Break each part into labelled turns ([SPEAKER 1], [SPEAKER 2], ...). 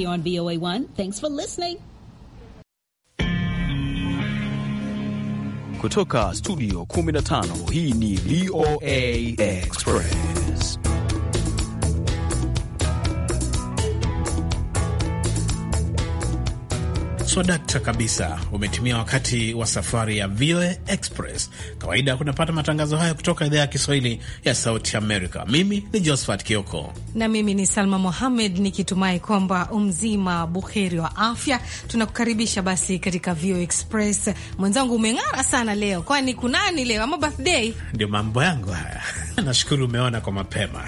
[SPEAKER 1] Here on VOA1. Thanks for listening.
[SPEAKER 2] Kutoka studio 15 hii ni VOA Express. swadakta kabisa. Umetimia wakati wa safari ya VOA Express. Kawaida kunapata matangazo haya kutoka idhaa ya Kiswahili ya Sauti Amerika. Mimi ni Josphat Kioko
[SPEAKER 3] na mimi ni Salma Mohamed, nikitumai kwamba umzima buheri wa afya. Tunakukaribisha basi katika VOA Express. Mwenzangu umeng'ara sana leo, kwani kunani leo ama birthday?
[SPEAKER 2] Ndio mambo yangu haya. Nashukuru umeona kwa mapema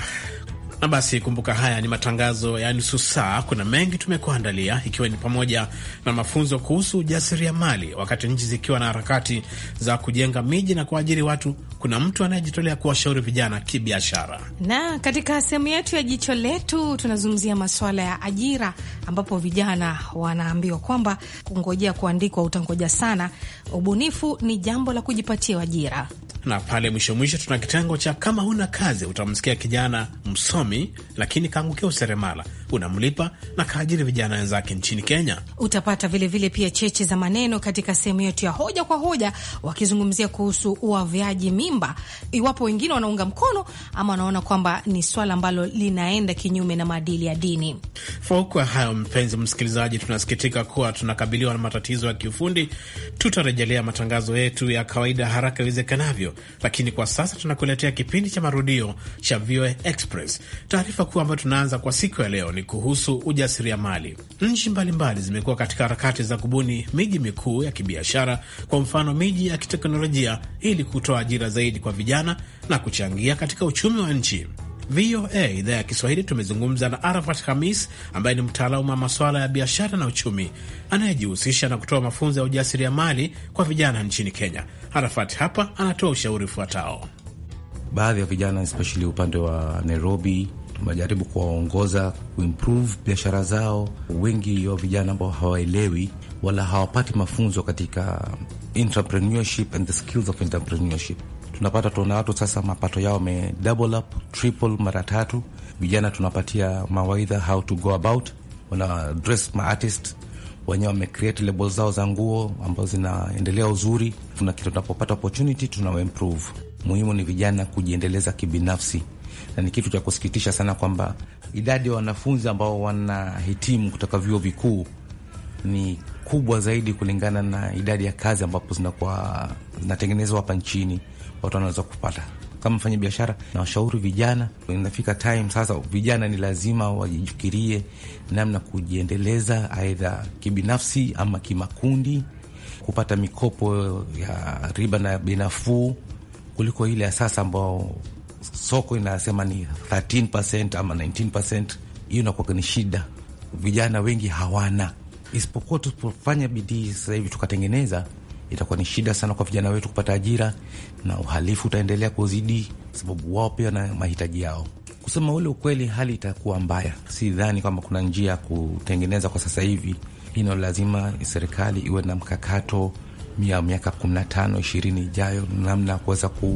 [SPEAKER 2] na basi kumbuka, haya ni matangazo ya nusu saa. Kuna mengi tumekuandalia, ikiwa ni pamoja na mafunzo kuhusu ujasiriamali wakati nchi zikiwa na harakati za kujenga miji na kuajiri watu. Kuna mtu anayejitolea kuwashauri vijana kibiashara,
[SPEAKER 3] na katika sehemu yetu ya jicho letu tunazungumzia masuala ya ajira, ambapo vijana wanaambiwa kwamba kungojea kuandikwa utangoja sana, ubunifu ni jambo la kujipatia ajira
[SPEAKER 2] na pale mwisho mwisho tuna kitengo cha kama huna kazi. Utamsikia kijana msomi lakini kaangukia useremala unamlipa na kaajiri vijana wenzake nchini Kenya.
[SPEAKER 3] Utapata vilevile vile pia cheche za maneno katika sehemu yetu ya hoja kwa hoja, wakizungumzia kuhusu uavyaji mimba, iwapo wengine wanaunga mkono ama wanaona kwamba ni swala ambalo linaenda kinyume na maadili ya dini.
[SPEAKER 2] Fauku ya hayo, mpenzi msikilizaji, tunasikitika kuwa tunakabiliwa na matatizo ya kiufundi. Tutarejelea matangazo yetu ya kawaida haraka iwezekanavyo, lakini kwa sasa tunakuletea kipindi cha marudio cha VOA Express. Taarifa kuu ambayo tunaanza kwa siku ya leo ni Marekani kuhusu ujasiriamali. Nchi mbalimbali zimekuwa katika harakati za kubuni miji mikuu ya kibiashara, kwa mfano miji ya kiteknolojia, ili kutoa ajira zaidi kwa vijana na kuchangia katika uchumi wa nchi. VOA idhaa ya Kiswahili tumezungumza na Arafat Hamis ambaye ni mtaalamu wa masuala ya biashara na uchumi anayejihusisha na kutoa mafunzo ya ujasiriamali kwa vijana nchini Kenya. Arafat hapa anatoa ushauri ufuatao:
[SPEAKER 4] baadhi ya vijana especially upande wa Nairobi tunajaribu kuwaongoza kuimprove biashara zao. Wengi wa vijana ambao hawaelewi wala hawapati mafunzo katika entrepreneurship and the skills of entrepreneurship tunapata tuona watu sasa mapato yao me double up triple mara tatu. Vijana tunapatia mawaidha how to go about, wana dress ma artist wenyewe wame create labels zao za nguo ambazo zinaendelea uzuri. Tunapopata opportunity tunawa improve. Muhimu ni vijana kujiendeleza kibinafsi na ni kitu cha kusikitisha sana kwamba idadi ya wanafunzi ambao wanahitimu kutoka vyuo vikuu ni kubwa zaidi kulingana na idadi ya kazi ambapo zinakuwa zinatengenezwa hapa nchini, watu wanaweza kupata kama mfanya biashara na washauri vijana, inafika time sasa, vijana ni lazima wajifikirie namna kujiendeleza, aidha kibinafsi ama kimakundi, kupata mikopo ya riba na binafuu kuliko ile ya sasa ambao soko inasema ni 13% ama 19%, hiyo inakuwa ni shida. Vijana wengi hawana, isipokuwa tupofanya bidii sasa hivi tukatengeneza, itakuwa ni shida sana kwa vijana wetu kupata ajira, na uhalifu utaendelea kuzidi, sababu wao pia na mahitaji yao. Kusema ule ukweli, hali itakuwa mbaya. Sidhani kwamba kuna njia ya kutengeneza kwa sasa hivi. Hino lazima serikali iwe na mkakato mia miaka 15 20 ijayo, namna ya kuweza ku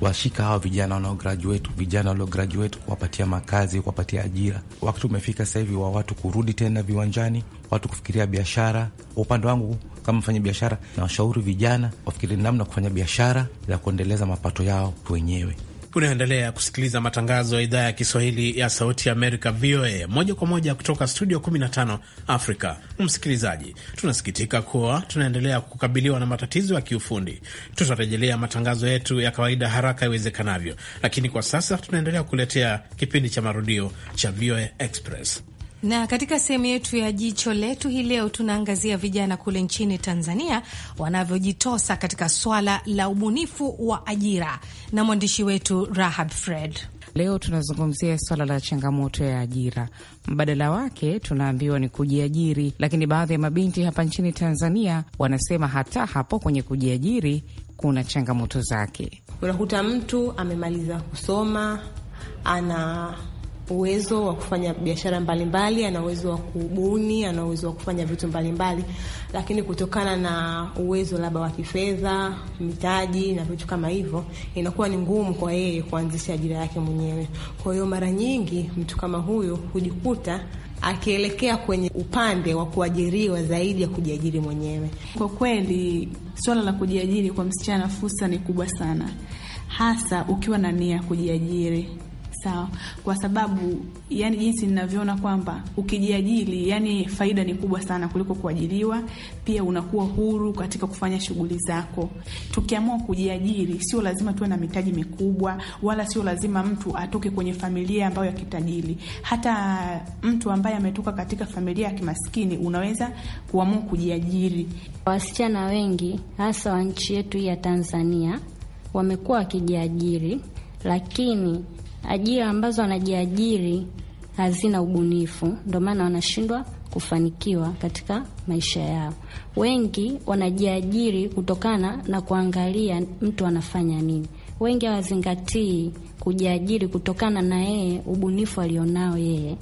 [SPEAKER 4] washika hawa vijana wanaograduate, vijana waliograduate, kuwapatia makazi, kuwapatia ajira. Wakati umefika sasa hivi wa watu kurudi tena viwanjani, watu kufikiria biashara. Kwa upande wangu kama mfanya biashara, na washauri vijana wafikirie namna kufanya biashara ya kuendeleza mapato yao wenyewe.
[SPEAKER 2] Unaendelea kusikiliza matangazo ya idhaa ya Kiswahili ya Sauti ya Amerika, VOA, moja kwa moja kutoka studio 15 Afrika. Msikilizaji, tunasikitika kuwa tunaendelea kukabiliwa na matatizo ya kiufundi. Tutarejelea matangazo yetu ya kawaida haraka iwezekanavyo, lakini kwa sasa tunaendelea kuletea kipindi cha marudio cha VOA Express.
[SPEAKER 3] Na katika sehemu yetu ya jicho letu hii leo tunaangazia vijana kule nchini Tanzania wanavyojitosa katika swala la ubunifu wa ajira na mwandishi wetu Rahab Fred. Leo tunazungumzia swala la changamoto ya ajira. Mbadala wake tunaambiwa ni kujiajiri, lakini baadhi ya mabinti hapa nchini Tanzania wanasema hata hapo kwenye kujiajiri kuna changamoto zake. Unakuta mtu amemaliza kusoma ana uwezo wa kufanya biashara mbalimbali, ana uwezo wa kubuni, ana uwezo wa kufanya vitu mbalimbali mbali. Lakini kutokana na uwezo labda wa kifedha, mitaji na vitu kama hivyo, inakuwa ni ngumu kwa yeye kuanzisha ajira yake mwenyewe. Kwa hiyo mara nyingi mtu kama huyo hujikuta akielekea kwenye upande wa kuajiriwa zaidi ya kujiajiri mwenyewe. Kwa kweli, swala la kujiajiri kwa msichana, fursa ni kubwa sana, hasa ukiwa na nia kujiajiri sawa, kwa sababu yani jinsi ninavyoona kwamba ukijiajiri, yani faida ni kubwa sana kuliko kuajiliwa. Pia unakuwa huru katika kufanya shughuli zako. Tukiamua kujiajiri, sio lazima tuwe na mitaji mikubwa, wala sio lazima mtu atoke kwenye familia ambayo ya kitajiri. Hata mtu ambaye ametoka katika familia ya kimaskini unaweza kuamua kujiajiri.
[SPEAKER 1] Wasichana wengi hasa wa nchi yetu hii ya Tanzania wamekuwa wakijiajiri, lakini Ajira ambazo wanajiajiri hazina ubunifu, ndio maana wanashindwa kufanikiwa katika maisha yao. Wengi wanajiajiri kutokana na kuangalia mtu anafanya nini. Wengi hawazingatii kujiajiri kutokana na yeye ubunifu alionao yeye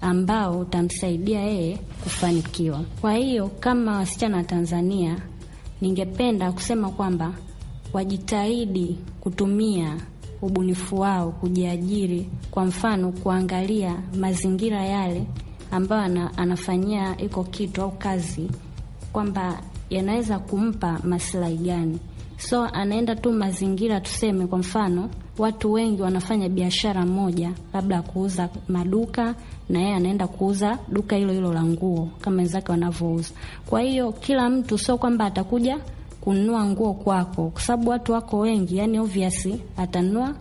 [SPEAKER 1] ambao utamsaidia yeye kufanikiwa. Kwa hiyo kama wasichana wa Tanzania, ningependa kusema kwamba wajitahidi kutumia ubunifu wao kujiajiri. Kwa mfano, kuangalia mazingira yale ambayo anafanyia iko kitu au kazi, kwamba yanaweza kumpa maslahi gani. So anaenda tu mazingira, tuseme kwa mfano watu wengi wanafanya biashara moja, labda kuuza maduka, na yeye anaenda kuuza duka hilo hilo la nguo kama wenzake wanavyouza. Kwa hiyo kila mtu sio kwamba atakuja kununua nguo kwako, kwa sababu watu wako wengi, yani obviously atanunua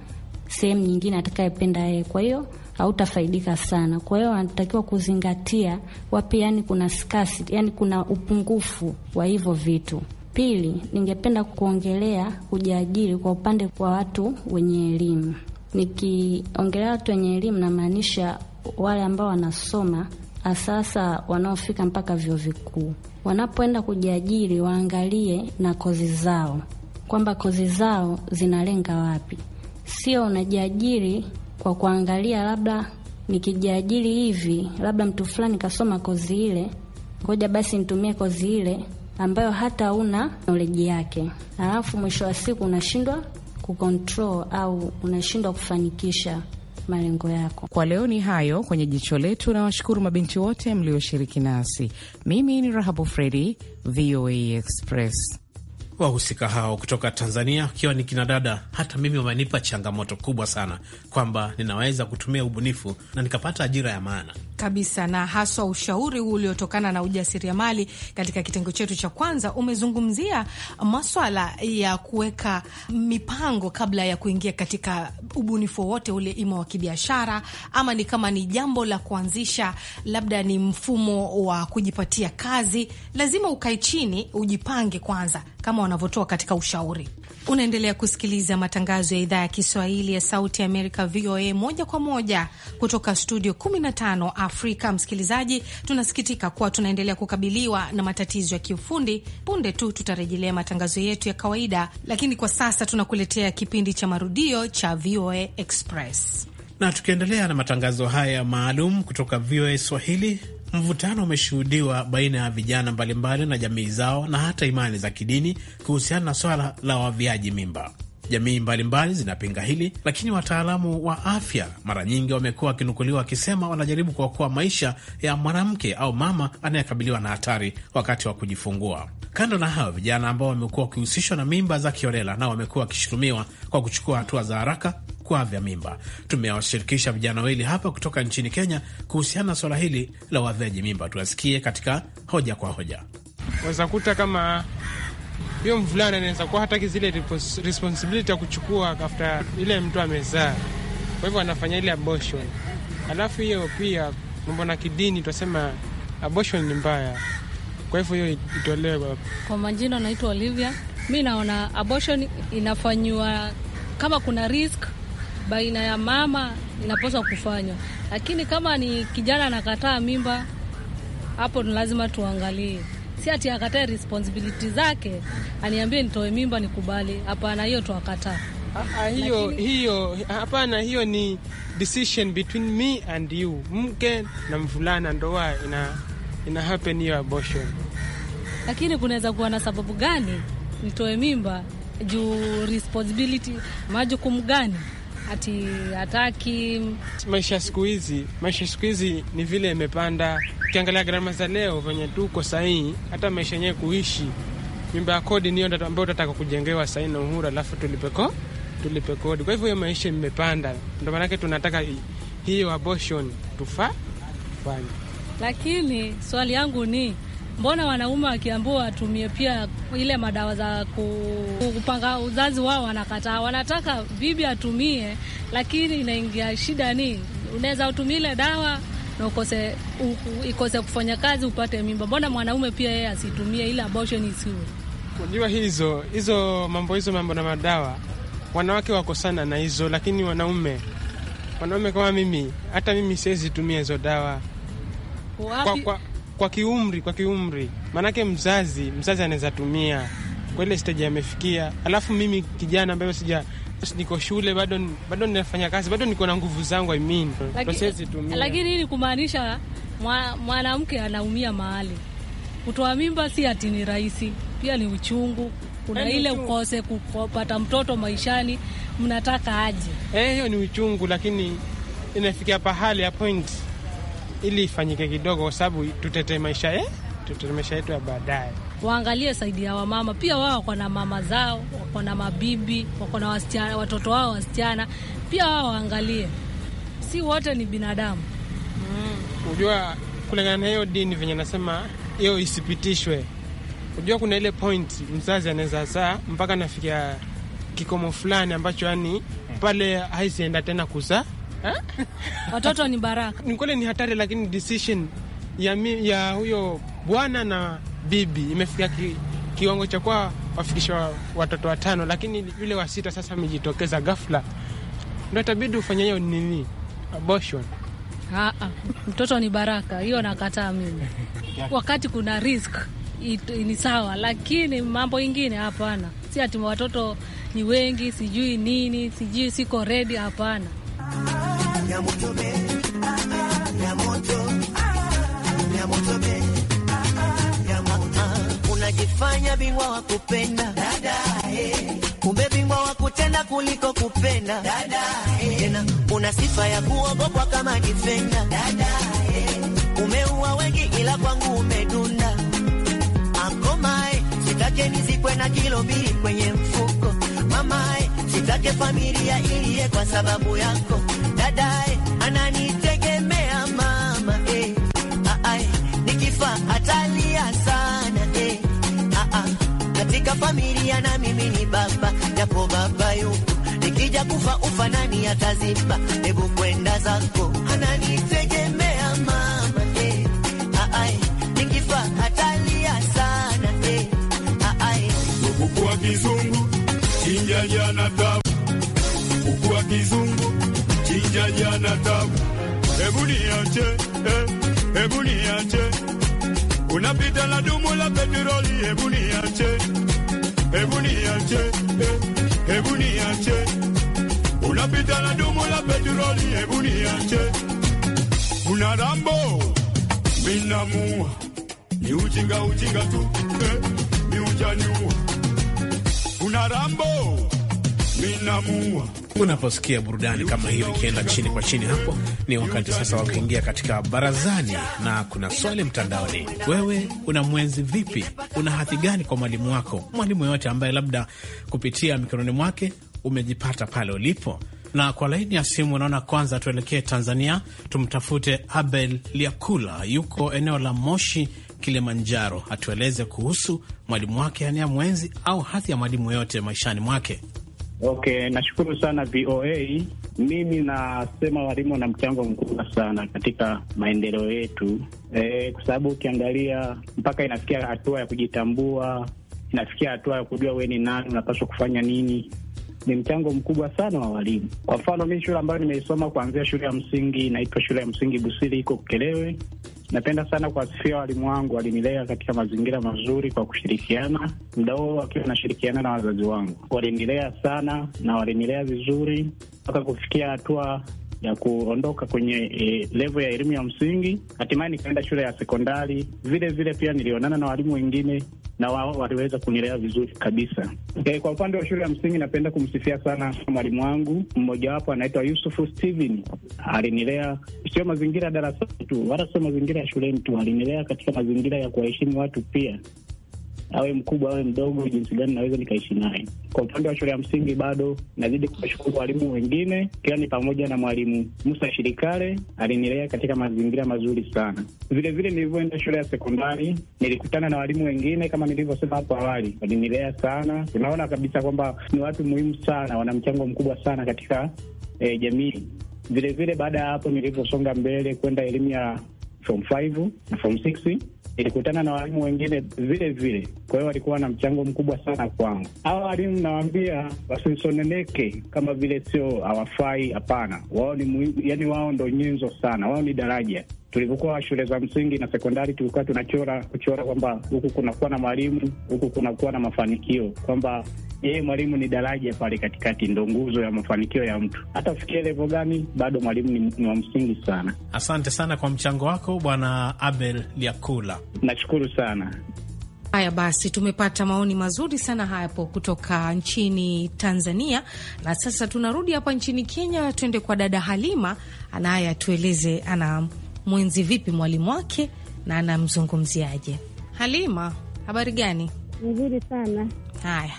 [SPEAKER 1] sehemu nyingine atakayependa yeye, kwa hiyo hautafaidika sana. Kwa hiyo anatakiwa kuzingatia wapi, yani kuna scarcity, yani kuna upungufu wa hivyo vitu. Pili, ningependa kuongelea kujiajiri kwa upande kwa watu wenye elimu. Nikiongelea watu wenye elimu, namaanisha wale ambao wanasoma asasa wanaofika mpaka vyuo vikuu. Wanapoenda kujiajiri, waangalie na kozi zao, kwamba kozi zao zinalenga wapi. Sio unajiajiri kwa kuangalia, labda nikijiajiri hivi, labda mtu fulani kasoma kozi ile, ngoja basi nitumie kozi ile ambayo hata una noleji yake, alafu mwisho wa siku unashindwa kukontrol au unashindwa kufanikisha malengo yako.
[SPEAKER 3] Kwa leo ni hayo kwenye jicho letu, na washukuru mabinti wote mlioshiriki nasi. Mimi ni Rahabu Fredi, VOA Express.
[SPEAKER 2] Wahusika hao kutoka Tanzania wakiwa ni kinadada, hata mimi wamenipa changamoto kubwa sana, kwamba ninaweza kutumia ubunifu na nikapata ajira ya maana
[SPEAKER 3] kabisa, na haswa ushauri huu uliotokana na ujasiriamali katika kitengo chetu cha kwanza umezungumzia maswala ya kuweka mipango kabla ya kuingia katika ubunifu wowote ule, ima wa kibiashara ama ni kama ni jambo la kuanzisha, labda ni mfumo wa kujipatia kazi, lazima ukae chini ujipange kwanza, kama wanavyotoa katika ushauri. Unaendelea kusikiliza matangazo ya idhaa ya Kiswahili ya Sauti ya Amerika, VOA, moja kwa moja kutoka studio 15 Afrika. Msikilizaji, tunasikitika kuwa tunaendelea kukabiliwa na matatizo ya kiufundi. Punde tu tutarejelea matangazo yetu ya kawaida, lakini kwa sasa tunakuletea kipindi cha marudio cha VOA Express
[SPEAKER 2] na tukiendelea na matangazo haya maalum kutoka VOA Swahili, Mvutano umeshuhudiwa baina ya vijana mbalimbali na jamii zao na hata imani za kidini kuhusiana na swala la waviaji mimba. Jamii mbalimbali zinapinga hili, lakini wataalamu wa afya mara nyingi wamekuwa wakinukuliwa wakisema wanajaribu kuokoa maisha ya mwanamke au mama anayekabiliwa na hatari wakati wa kujifungua. Kando na hayo, vijana ambao wamekuwa wakihusishwa na mimba za kiholela nao wamekuwa wakishutumiwa kwa kuchukua hatua za haraka kuavya mimba. Tumewashirikisha vijana wawili hapa kutoka nchini Kenya kuhusiana na swala hili la uavyaji mimba. Tuwasikie katika hoja kwa hoja.
[SPEAKER 5] Waweza kuta kama hiyo mvulana anaweza kuwa hataki zile responsibility ya kuchukua kafta ile mtu amezaa, kwa hivyo anafanya ile abortion. Alafu hiyo pia mambo na kidini, tunasema abortion ni mbaya, kwa hivyo hiyo itolewe.
[SPEAKER 6] Kwa majina, naitwa Olivia. Mi naona abortion inafanywa kama kuna risk baina ya mama inapaswa kufanywa, lakini kama ni kijana anakataa mimba, hapo ni lazima tuangalie, si ati akatae responsibility zake, aniambie nitoe mimba nikubali. Hapana, hiyo tuakataa
[SPEAKER 5] hiyo hiyo, hapana. Hiyo ni decision between me and you, mke na mvulana, ndoa ina ina happen hiyo abortion.
[SPEAKER 6] Lakini kunaweza kuwa na sababu gani nitoe mimba juu responsibility, majukumu gani? ati hataki.
[SPEAKER 5] Maisha siku hizi, maisha siku hizi ni vile imepanda. Ukiangalia gharama za leo venye tuko sahii, hata maisha yenyewe kuishi, nyumba ya kodi niyo ambayo utataka kujengewa sahii na Uhuru, alafu tulipeko tulipe kodi. Kwa hivyo hiyo maisha imepanda, ndo maanake tunataka hiyo aboshon tufaa tufanye.
[SPEAKER 6] Lakini swali yangu ni Mbona wanaume wakiambua watumie pia ile madawa za kupanga uzazi wao wanakataa, wanataka bibi atumie, lakini inaingia shida ni Unaweza utumia ile dawa na ukose, u, ikose kufanya kazi upate mimba. Mbona mwanaume pia yeye asitumie ile abortion isiwe?
[SPEAKER 5] Unajua hizo hizo mambo hizo mambo na madawa, wanawake wako sana na hizo, lakini wanaume wanaume kama mimi, hata mimi siwezi tumia hizo dawa
[SPEAKER 3] kwa, kwa,
[SPEAKER 5] kwa kiumri, kwa kiumri, maanake mzazi mzazi anaweza tumia kwa ile steji amefikia, alafu mimi kijana ambayo sija niko shule bado, bado ninafanya kazi bado niko na nguvu zangu I mean. Lakini
[SPEAKER 6] hii ni kumaanisha mwanamke anaumia mahali. Kutoa mimba si ati ni rahisi, pia ni uchungu. Kuna eh, ile ukose kupata mtoto maishani, mnataka aje? Eh, hiyo ni uchungu,
[SPEAKER 5] lakini inafikia pahali ya point ili ifanyike kidogo, kwa sababu tutetee maisha ye, tutetee maisha yetu ya baadaye.
[SPEAKER 6] Waangalie saidi ya wamama pia, wao wako na mama zao, wako na mabibi, wako na wasichana, watoto wao wasichana pia, wao waangalie, si wote ni binadamu.
[SPEAKER 5] Unajua mm, kulingana na hiyo dini venye nasema hiyo isipitishwe. Unajua kuna ile point mzazi anaweza saa mpaka nafikia kikomo fulani ambacho yani mm. pale haisienda tena kuzaa watoto ni baraka. Ni kweli ni hatari, lakini decision ya, mi, ya huyo bwana na bibi imefika ki, kiwango cha kuwa wafikisha watoto watano, lakini yule wa sita sasa amejitokeza ghafla, ndo itabidi ufanye hiyo nini abortion.
[SPEAKER 6] Aa, ah, ah. mtoto ni baraka, hiyo nakataa mimi. Wakati kuna risk ni sawa, lakini mambo ingine hapana. Si ati watoto ni wengi, sijui nini, sijui siko redi, hapana.
[SPEAKER 1] Unajifanya bingwa wa kupenda Kumbe bingwa wa kutenda kuliko kupenda dada, hey. Tena
[SPEAKER 5] una sifa ya kuogopwa kama difenda dada, hey. Umeua wengi ila kwangu umedunda akomae, sitake nizikwe na kilo mbili
[SPEAKER 1] kwenye mfuko mamae sitake familia iliye kwa sababu yako. Dadae eh, ananitegemea mama eh, aai ah, ah, eh, nikifa atalia sana eh, aa ah, katika familia na
[SPEAKER 5] mimi ni baba, japo baba yuko nikija kufa ufanani ataziba,
[SPEAKER 1] hebu kwenda zako anani
[SPEAKER 7] nyanya na tabu. Hebu niache, eh, hebu niache. Unapita na dumu la petroli, hebu niache. Hebu niache, eh, hebu niache. Unapita na dumu la petroli, hebu niache. Kuna rambo, minamua. Ni ujinga ujinga tu, eh, ni ujaniua.
[SPEAKER 2] Kuna rambo Unaposikia burudani kama hiyo ikienda chini kwa chini, hapo ni wakati sasa wa kuingia katika barazani, na kuna swali mtandaoni. Wewe una mwenzi vipi? Una hadhi gani kwa mwalimu wako, mwalimu yoyote ambaye labda kupitia mikononi mwake umejipata pale ulipo? Na kwa laini ya simu unaona, kwanza tuelekee Tanzania, tumtafute Abel Liakula, yuko eneo la Moshi, Kilimanjaro, atueleze kuhusu mwalimu wake, yani ya mwenzi au hadhi ya mwalimu yoyote maishani mwake.
[SPEAKER 8] Okay, nashukuru sana VOA. Mimi nasema walimu wana mchango mkubwa sana katika maendeleo yetu e, kwa sababu ukiangalia mpaka inafikia hatua ya kujitambua, inafikia hatua ya kujua wewe ni nani, unapaswa kufanya nini, ni mchango mkubwa sana wa walimu. Kwa mfano, mimi, shule ambayo nimeisoma kuanzia shule ya msingi inaitwa shule ya msingi Busiri, iko kelewe Napenda sana kuwasifia walimu wangu, walinilea katika mazingira mazuri kwa kushirikiana, mda huo wakiwa wanashirikiana na wazazi wangu. Walinilea sana na walinilea vizuri mpaka kufikia hatua ya kuondoka kwenye e, levo ya elimu ya msingi, hatimaye nikaenda shule ya sekondari. Vile vile pia nilionana na walimu wengine na wao waliweza kunilea vizuri kabisa. E, kwa upande wa shule ya msingi napenda kumsifia sana mwalimu wangu mmojawapo, anaitwa Yusufu Steven. Alinilea sio mazingira ya darasani tu, wala sio mazingira ya shuleni tu, alinilea katika mazingira ya kuwaheshimu watu pia awe mkubwa awe mdogo, jinsi gani naweza nikaishi naye. Kwa upande wa shule ya msingi, bado nazidi kuwashukuru walimu wengine, ikiwa ni pamoja na mwalimu Musa Shirikale, alinilea katika mazingira mazuri sana. Vilevile nilivyoenda shule ya sekondari, nilikutana na walimu wengine kama nilivyosema hapo awali, walinilea sana. Unaona kabisa kwamba ni watu muhimu sana, wana mchango mkubwa sana katika eh, jamii. Vilevile baada ya hapo nilivyosonga mbele kwenda elimu ya form 5 na form 6 nilikutana na walimu wengine vile vile, kwa hiyo walikuwa na mchango mkubwa sana kwangu. Hawa walimu nawaambia wasisoneneke, kama vile sio hawafai. Hapana, wao ni yani, wao ndo nyenzo sana, wao ni daraja tulivyokuwa shule za msingi na sekondari, tulikuwa tunachora kuchora kwamba huku kunakuwa na mwalimu, huku kunakuwa na mafanikio, kwamba yeye mwalimu ni daraja pale katikati, ndo nguzo ya mafanikio ya mtu. Hata fikia levo gani, bado mwalimu ni, ni wa msingi sana.
[SPEAKER 2] Asante sana kwa mchango wako Bwana Abel Lyakula,
[SPEAKER 8] nashukuru sana.
[SPEAKER 3] Haya basi, tumepata maoni mazuri sana hapo kutoka nchini Tanzania, na sasa tunarudi hapa nchini Kenya, tuende kwa dada Halima anaye atueleze ana mwenzi vipi mwalimu wake na anamzungumziaje. Halima, habari gani? Nzuri sana. Haya,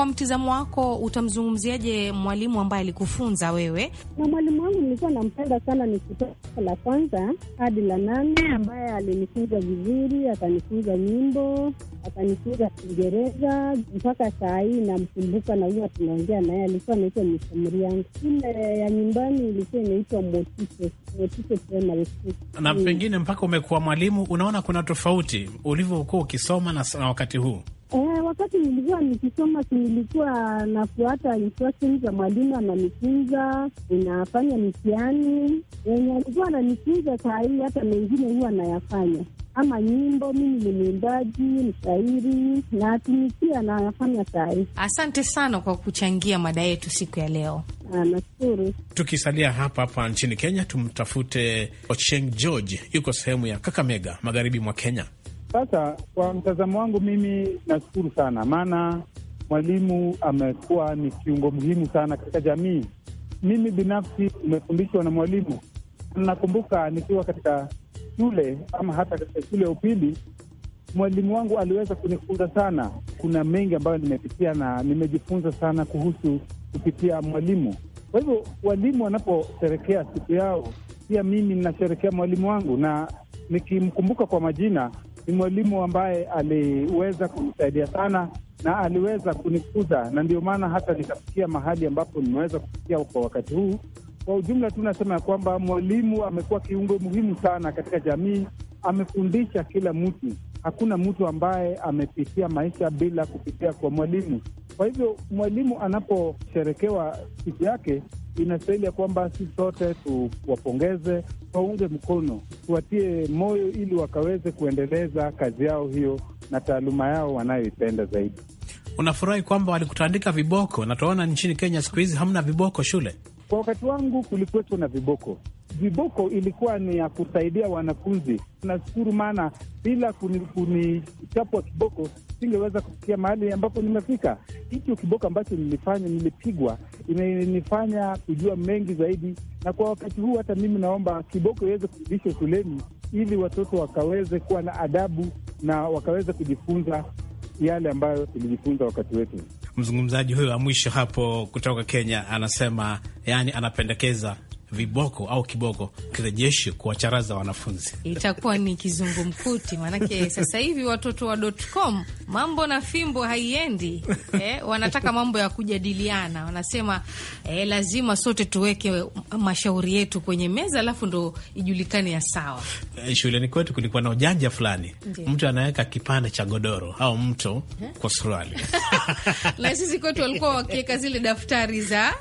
[SPEAKER 3] kwa mtizamo wako utamzungumziaje mwalimu ambaye alikufunza wewe?
[SPEAKER 1] Na mwalimu wangu nilikuwa nampenda sana, ni kutoka la kwanza hadi la nane, ambaye alinifunza vizuri, akanifunza nyimbo, akanifunza Kiingereza mpaka saa hii namkumbuka na huwa tunaongea naye. Alikuwa anaitwa mishamuri yangu, ile ya nyumbani ilikuwa inaitwa Motice, Motice Primary School. Na
[SPEAKER 2] pengine mpaka umekuwa mwalimu, unaona kuna tofauti ulivyokuwa ukisoma na wakati huu?
[SPEAKER 1] Eh, wakati nilikuwa nikisoma nilikuwa nafuata instructions za mwalimu ananifunza, inafanya mitihani yenye alikuwa ananifunza. Saa hii hata mengine huwa anayafanya, ama nyimbo. Mimi ni mwimbaji, mshairi na tumikia nayafanya saa hii.
[SPEAKER 3] Asante sana kwa kuchangia mada yetu siku ya leo. Ah, nashukuru.
[SPEAKER 2] Tukisalia hapa hapa nchini Kenya, tumtafute Ocheng George, yuko sehemu ya Kakamega, magharibi mwa Kenya.
[SPEAKER 7] Sasa kwa mtazamo wangu mimi nashukuru sana, maana mwalimu amekuwa ni kiungo muhimu sana katika jamii. Mimi binafsi nimefundishwa na mwalimu. Nakumbuka nikiwa katika shule ama hata katika shule ya upili, mwalimu wangu aliweza kunifunza sana. Kuna mengi ambayo nimepitia na nimejifunza sana kuhusu kupitia mwalimu. Kwa hivyo walimu wanaposherekea siku yao, pia mimi ninasherekea mwalimu wangu, na nikimkumbuka kwa majina ni mwalimu ambaye aliweza kunisaidia sana na aliweza kunikuza, na ndio maana hata nikafikia mahali ambapo nimeweza kufikia kwa wakati huu. Kwa ujumla, tu nasema ya kwamba mwalimu amekuwa kiungo muhimu sana katika jamii, amefundisha kila mtu. Hakuna mtu ambaye amepitia maisha bila kupitia kwa mwalimu. Kwa hivyo mwalimu anaposherekewa siku yake, inastahili ya kwamba si sote tuwapongeze, waunge mkono, tuwatie moyo ili wakaweze kuendeleza kazi yao hiyo na taaluma yao wanayoipenda zaidi.
[SPEAKER 2] Unafurahi kwamba walikutandika viboko, na tunaona nchini Kenya siku hizi hamna viboko shule.
[SPEAKER 7] Kwa wakati wangu kulikuwepo na viboko. Viboko ilikuwa ni ya kusaidia wanafunzi. Nashukuru, maana bila kunichapwa kuni kiboko nisingeweza kufikia mahali ambapo nimefika. Hicho kiboko ambacho nilifanya, nilipigwa, imenifanya kujua mengi zaidi, na kwa wakati huu hata mimi naomba kiboko iweze kurudishwa shuleni ili watoto wakaweze kuwa na adabu na wakaweze kujifunza yale ambayo tulijifunza wakati wetu.
[SPEAKER 2] Mzungumzaji huyo wa mwisho hapo kutoka Kenya anasema, yani anapendekeza viboko au kiboko kirejeshe kuwacharaza wanafunzi,
[SPEAKER 3] itakuwa ni kizungumkuti. Maanake sasa hivi watoto wa com mambo na fimbo haiendi eh, wanataka mambo ya kujadiliana. Wanasema eh, lazima sote tuweke mashauri yetu kwenye meza, alafu ndo ijulikane ya sawa.
[SPEAKER 2] Eh, Shuleni kwetu kulikuwa na ujanja fulani, mtu anaweka kipande cha godoro au mto eh? kwa suruali
[SPEAKER 3] na sisi kwetu walikuwa wakiweka zile daftari za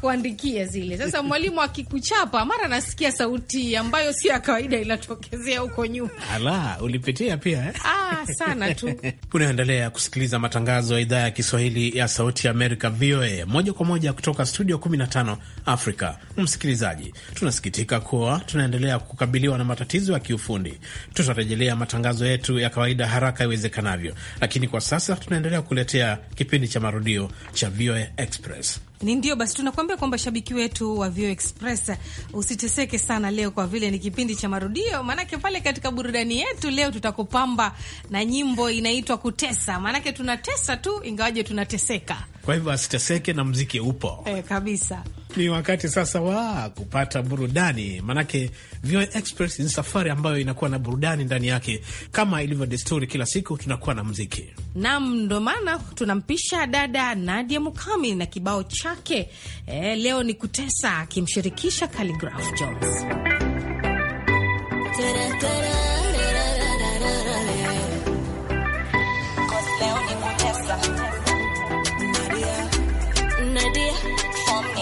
[SPEAKER 3] kuandikia zile. Sasa mwalimu akiku kuchapa, mara nasikia sauti ambayo si ya kawaida inatokezea huko nyuma.
[SPEAKER 2] Ala, ulipitia pia eh?
[SPEAKER 3] Ah, sana tu.
[SPEAKER 2] Unaendelea kusikiliza matangazo ya idhaa ya Kiswahili ya Sauti ya Amerika, VOA, moja kwa moja kutoka studio 15 Afrika. Msikilizaji, tunasikitika kuwa tunaendelea kukabiliwa na matatizo ya kiufundi. Tutarejelea matangazo yetu ya kawaida haraka iwezekanavyo, lakini kwa sasa tunaendelea kuletea kipindi cha marudio cha VOA Express.
[SPEAKER 3] Ni ndio basi, tunakuambia kwamba shabiki wetu wa VOA Express sasa usiteseke sana leo, kwa vile ni kipindi cha marudio, maanake pale katika burudani yetu leo tutakupamba na nyimbo inaitwa Kutesa, maanake tunatesa tu ingawaje tunateseka
[SPEAKER 2] kwa hivyo asiteseke na mziki upo
[SPEAKER 3] e, kabisa.
[SPEAKER 2] Ni wakati sasa wa kupata burudani, manake VOA Express ni safari ambayo inakuwa na burudani ndani yake. Kama ilivyo desturi, kila siku tunakuwa na mziki
[SPEAKER 3] nam, ndo maana tunampisha dada Nadia Mukami na kibao chake e, leo ni kutesa, akimshirikisha Khaligraph
[SPEAKER 1] Jones.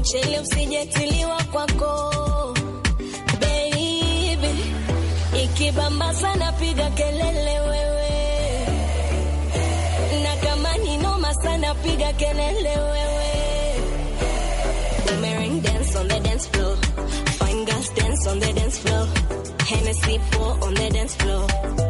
[SPEAKER 1] Uchele usijatiliwa kwako baby, ikibamba sana piga kelele wewe, na kama ni noma sana piga kelele wewe. Women dance on the dance floor, fine girls dance on the dance floor, Hennessy pour on the dance floor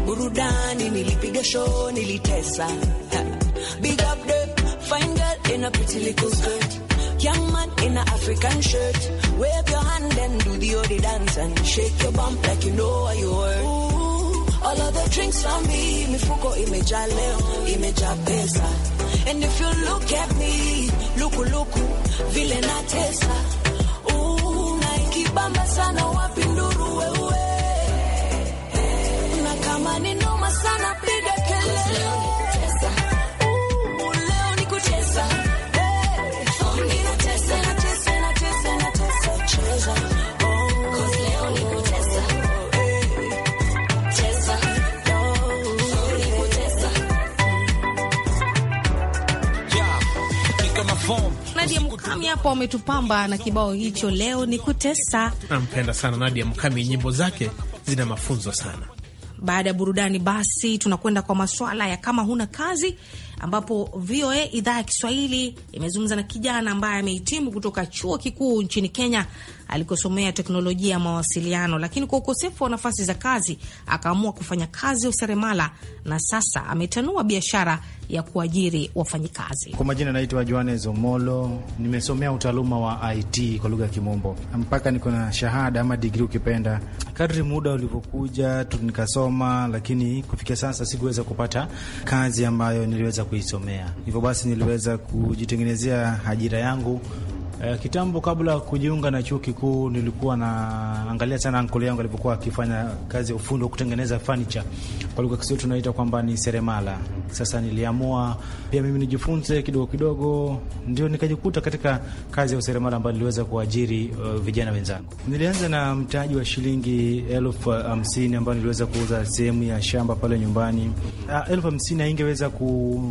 [SPEAKER 1] burudani, nilipiga show, nilitesa. Big up the fine girl in a pretty little skirt. Young man in an African shirt. Wave your hand and do the Odi dance and shake your bump like you know what you were. Ooh, all of the drinks for me, mifuko imejaa leo, imejaa pesa. And if you look at me, luku luku, vile tesa. Ooh, na ikibamba sana
[SPEAKER 3] hapo wametupamba na kibao hicho, leo ni kutesa.
[SPEAKER 4] Nampenda
[SPEAKER 2] sana Nadia Mkami, nyimbo zake zina mafunzo sana.
[SPEAKER 3] Baada ya burudani, basi tunakwenda kwa maswala ya kama huna kazi, ambapo VOA idhaa ya Kiswahili imezungumza na kijana ambaye amehitimu kutoka chuo kikuu nchini Kenya alikosomea teknolojia ya mawasiliano, lakini kwa ukosefu wa nafasi za kazi akaamua kufanya kazi ya useremala na sasa ametanua biashara ya kuajiri wafanyikazi. Kwa
[SPEAKER 9] majina naitwa Johannes Omolo, nimesomea utaaluma wa IT kwa lugha ya Kimombo, mpaka niko na shahada ama digri ukipenda. Kadri muda ulivyokuja nikasoma, lakini kufikia sasa sikuweza kupata kazi ambayo niliweza kuisomea, hivyo basi niliweza kujitengenezea ajira yangu E, kitambo kabla kujiunga na chuo kikuu nilikuwa naangalia sana ankole yangu alipokuwa akifanya kazi ya ufundi wa kutengeneza furniture, kwa lugha kisio tunaita kwamba ni seremala. Sasa niliamua pia mimi nijifunze kidogo kidogo, ndio nikajikuta katika kazi ya useremala ambayo niliweza kuajiri uh, vijana wenzangu. Nilianza na mtaji wa shilingi elfu eh, hamsini ambayo niliweza kuuza sehemu ya shamba pale nyumbani. Ah, elfu hamsini haingeweza ku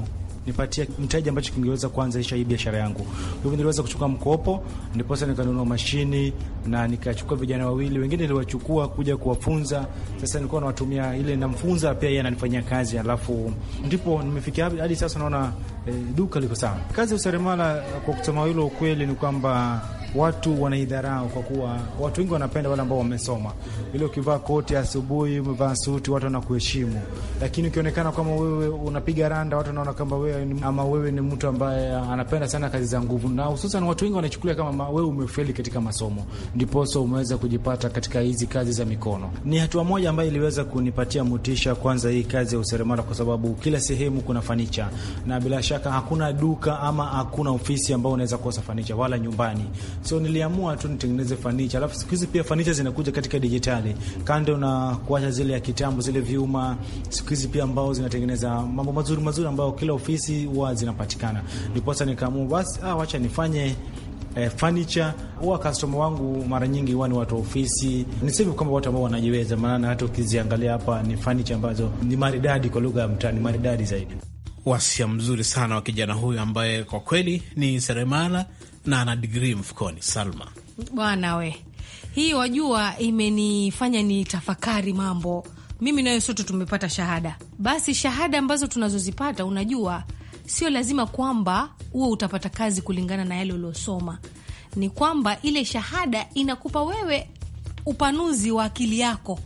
[SPEAKER 9] nipatie mteja ambacho kingeweza kuanzisha hii biashara yangu. Hivyo niliweza kuchukua mkopo, ndiposa nikanunua mashini na nikachukua vijana wawili wengine, niliwachukua kuja kuwafunza. Sasa nilikuwa nawatumia ile namfunza, pia yeye ananifanyia kazi, alafu ndipo nimefikia hadi sasa. Naona e, duka liko sawa. Kazi ya useremala, kwa kusema hilo ukweli ni kwamba watu wanaidharau kwa kuwa watu wengi wanapenda wale ambao wamesoma. Ile ukivaa koti asubuhi, umevaa suti, watu wanakuheshimu, lakini ukionekana kama wewe unapiga randa, watu wanaona kwamba wewe ama wewe ni mtu ambaye anapenda sana kazi za nguvu, na hususan watu wengi wanachukulia kama wewe umefeli katika masomo, ndiposo umeweza kujipata katika hizi kazi za mikono. Ni hatua moja ambayo iliweza kunipatia motisha, kwanza hii kazi ya useremala, kwa sababu kila sehemu kuna fanicha, na bila shaka hakuna duka ama hakuna ofisi ambao unaweza kukosa fanicha, wala nyumbani So niliamua tu nitengeneze fanicha, alafu siku hizi pia fanicha zinakuja katika dijitali, kando na kuacha zile ya kitambo, zile vyuma, siku hizi pia ambao zinatengeneza mambo mazuri mazuri ambayo kila ofisi huwa zinapatikana. Niposa nikaamua basi, ah, wacha nifanye eh, E, fanicha huwa customer wangu mara nyingi huwa ni watu wa ofisi. Niseme kwamba watu ambao wanajiweza, maana hata ukiziangalia hapa ni fanicha ambazo ni maridadi, kwa lugha ya mtaa ni maridadi zaidi. Wasia mzuri sana wa kijana huyu ambaye kwa kweli ni
[SPEAKER 2] seremala na ana digrii mfukoni. Salma
[SPEAKER 3] bwana we, hii wajua, imenifanya ni tafakari mambo. Mimi nayo sote tumepata shahada, basi shahada ambazo tunazozipata, unajua sio lazima kwamba huo utapata kazi kulingana na yale uliosoma. Ni kwamba ile shahada inakupa wewe upanuzi wa akili yako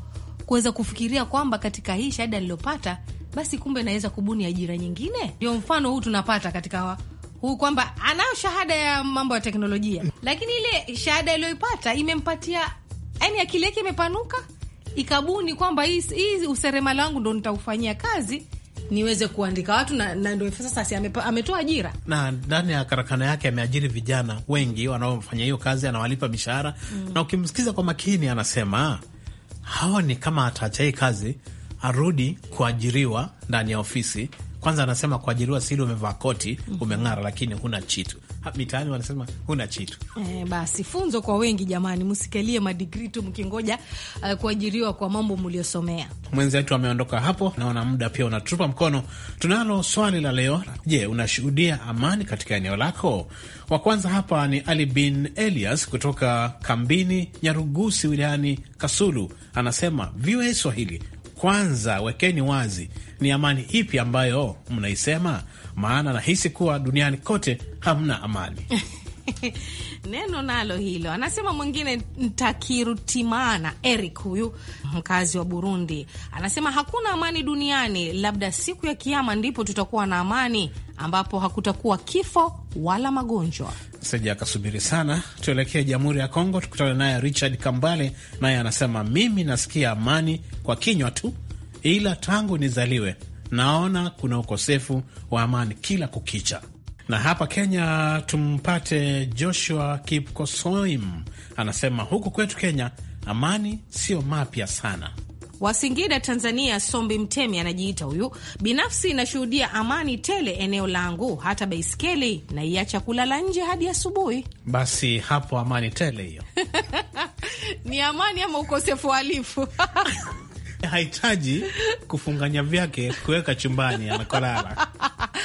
[SPEAKER 3] kuweza kufikiria kwamba katika hii shahada niliyopata, basi kumbe naweza kubuni ajira nyingine. Ndio mfano huu tunapata katika huu kwamba anayo shahada ya mambo ya teknolojia, lakini ile shahada iliyoipata imempatia yani, akili yake imepanuka, ikabuni kwamba hii useremala wangu ndo nitaufanyia kazi niweze kuandika watu na, na ndio sasa si ametoa ajira,
[SPEAKER 2] na ndani ya karakana yake ameajiri vijana wengi wanaofanya hiyo kazi, anawalipa mishahara mm. Na ukimsikiza kwa makini, anasema haoni kama ataacha hii kazi, arudi kuajiriwa ndani ya ofisi kwanza anasema kuajiriwa sili, umevaa koti, umeng'ara, lakini huna chitu. Mitaani wanasema huna chitu.
[SPEAKER 3] E, basi funzo kwa wengi jamani, msikalie madigri tu mkingoja uh, kuajiriwa kwa mambo mliosomea.
[SPEAKER 2] Mwenzetu ameondoka hapo, naona muda pia unatupa mkono. Tunalo swali la leo. Je, unashuhudia amani katika eneo lako? Wa kwanza hapa ni Ali bin Elias kutoka kambini Nyarugusi wilayani Kasulu, anasema VOA Swahili, kwanza wekeni wazi ni amani ipi ambayo mnaisema? Maana nahisi kuwa duniani kote hamna amani.
[SPEAKER 3] Neno nalo hilo, anasema mwingine Ntakirutimana Eric, huyu mkazi wa Burundi, anasema hakuna amani duniani, labda siku ya Kiama ndipo tutakuwa na amani, ambapo hakutakuwa kifo wala magonjwa.
[SPEAKER 2] seja akasubiri sana, tuelekee Jamhuri ya Kongo tukutane naye Richard Kambale, naye anasema mimi nasikia amani kwa kinywa tu ila tangu nizaliwe naona kuna ukosefu wa amani kila kukicha. Na hapa Kenya tumpate Joshua Kipkosoim, anasema huku kwetu Kenya amani sio mapya sana.
[SPEAKER 3] Wasingida Tanzania, Sombi Mtemi anajiita huyu. Binafsi inashuhudia amani tele eneo langu, hata baiskeli naiacha kulala nje hadi asubuhi.
[SPEAKER 2] Basi hapo amani tele hiyo
[SPEAKER 3] ni amani ama ukosefu wa alifu
[SPEAKER 2] hahitaji kufunganya vyake kuweka chumbani anakolala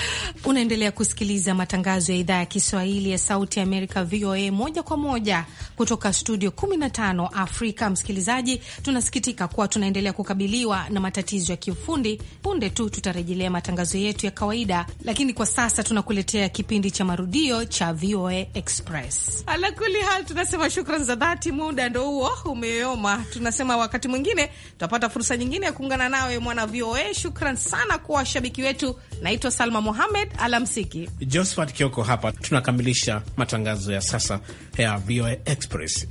[SPEAKER 3] Unaendelea kusikiliza matangazo ya idhaa ya Kiswahili ya Sauti ya Amerika, VOA, moja kwa moja kutoka studio 15 Afrika. Msikilizaji, tunasikitika kuwa tunaendelea kukabiliwa na matatizo ya kiufundi. Punde tu tutarejelea matangazo yetu ya kawaida, lakini kwa sasa tunakuletea kipindi cha marudio cha VOA Express. alakuli hal, tunasema shukran za dhati. Muda ndo huo umeyoma, tunasema wakati mwingine tutapata fursa nyingine ya kuungana nawe mwana VOA. Shukran sana kwa washabiki wetu. Naitwa Salma Mohamed alamsiki.
[SPEAKER 2] Josephat Kioko hapa tunakamilisha matangazo ya sasa ya VOA Express.